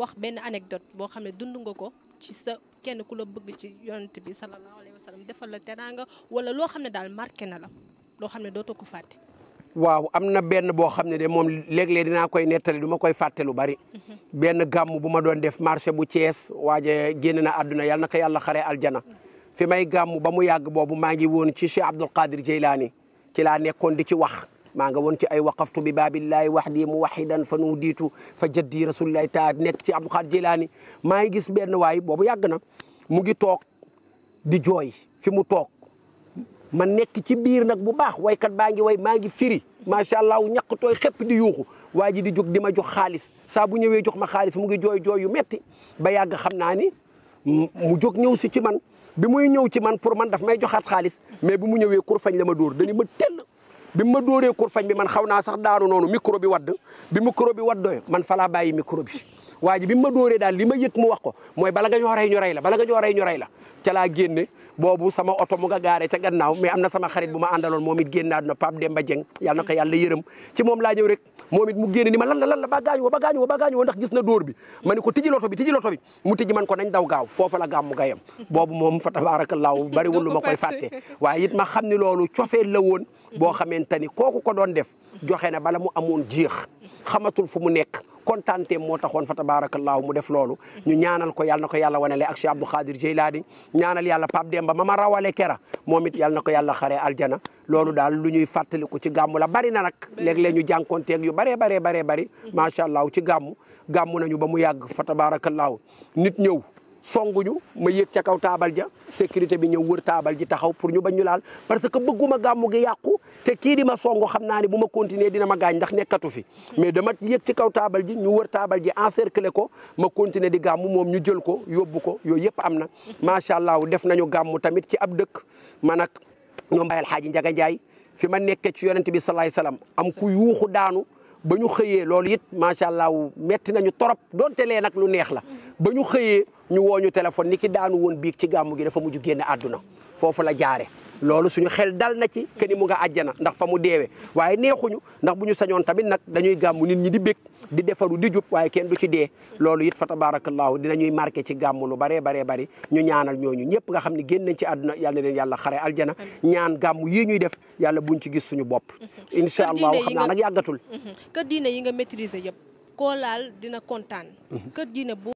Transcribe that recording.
wax benn anecdote boo xam ne dundu nga ko ci sa kenn ku la bëgg ci yonent bi sallallahu alayhi defal la teraanga wala loo xam ne daal marqué na la loo xam ne dootoo ko fàtte. waaw am na benn boo xam ne de moom léeg-léeg dinaa koy nettali duma koy fàtte lu bari. Mhm. benn gàmm bu ma doon def marché bu Thiès waaje génn na àdduna yal na yàlla xaree aljana. Mhm. fi may gàmm ba mu yàgg boobu maa ngi woon ci Cheikh Abdoul Qadir Jeylaani ci laa nekkoon di ci wax. maa nga woon ci ay waqaftu bi baabillaahi waxdi muwahidan fa nu diitu fa jaddi rasulillahi taat nekk ci Abdul Xaadir Jilaani maa ngi gis benn waay boobu yàgg na mu ngi toog di jooy fi mu toog ma nekk ci biir nag bu baax waykat baa ngi way maa ngi firi macha allah ñàkk tooy xépp di yuuxu waa ji di jóg di ma jox xaalis saa bu ñëwee jox ma xaalis mu ngi jooy jooy yu metti ba yàgg xam naa ni mu jóg ñëw si ci man bi muy ñëw ci man pour man daf may joxaat xaalis mais bi mu ñëwee kur fañ la ma dóor bi ma dóoree kur fañ bi man xaw naa sax daanu noonu micro bi wadd bi micro bi waddoo man fa laa bàyyi micro bi waa ji bi ma dóoree daal li ma yëg mu wax ko mooy bala nga ñoo rey la bala nga ñoo rey ñu la laa génne boobu sama oto mu nga gaaree ca gannaaw mais na sama xarit bu ma àndaloon moom it génn àdduna Pape Demba Dieng yàlla na ko yàlla yërëm ci moom laa ñëw it mu génne ni ma lan la lan la ba gaañu wo ba gaañu wo ba gaañu wo ndax gis na dóor bi ma ne ko tijji loto bi mu tijji man ko nañ daw gaaw foofa la gàmmu gayam boobu moom fa tabaarakallaahu bariwul lu ma koy fàtte waaye it ma xam ne loolu cofeel la woon boo xamante ni kooku ko doon def joxe na bala mu amoon jeex xamatul fu mu nekk kontaanteem moo taxoon fa tabaarakallaahu mu def loolu ñu ñaanal ko yàlla na ko yàlla wanale ak Cheikh Abdou Khadir Jeylaani ñaanal yàlla Pape Demba mama rawale kera moom it yàlla na ko yàlla xaree aljana loolu daal lu ñuy fàttaliku ci gàmmu la bari na nag léeg-léeg ñu jànkonteeg yu baree baree baree bari macha allah ci gàmmu gàmmu nañu ba mu yàgg fa tabaarakallaahu nit ñëw ñu ma yéeg ca kaw taabal ja sécurité bi ñëw wër taabal ji taxaw pour ñu bañ ñu laal parce que bëgguma gàmmu gi yàqu te kii di songu xam naa ne bu ma continuer dina ma gaañ ndax nekkatu fi mais dama yéeg ci kaw taabal ji ñu wër taabal ji encercler ko ma continuer di gàmmu moom ñu jël ko yóbbu ko yooyu yëpp am na macha allah def nañu gàmmu tamit ci ab dëkk man ak ñoom Baye El Hadji Ndiaga Ndiaye fi ma nekke ci yonent bi salaay salaam am ku yuuxu daanu ba ñu xëyee loolu it macha allah metti nañu torop donte lee nag lu neex la ba ñu xëyee ñu woo ñu téléphone ni ki daanu woon biig ci gàmmu gi dafa mujj génn àdduna foofu la jaare loolu suñu xel dal na ci ke ni mu nga àjjana ndax fa mu deewee waaye neexuñu ndax bu ñu sañoon tamit nag dañuy gàmmu nit ñi di bég di defaru di jub waaye kenn du ci dee loolu it fa tabaarakallaahu dinañuy marqué ci gàmmu lu baree bari ñu ñaanal ñooñu ñëpp nga xam ne génn nañ ci àdduna yàlla na leen yàlla xare aljana ñaan gàmmu yii ñuy def yàlla buñ ci gis suñu bopp mm-hmm. incha allahu xam naa nag yàggatul mm-hmm. kër diine yi nga maîtriser yëpp koo laal dina kontaan mm-hmm. kër diine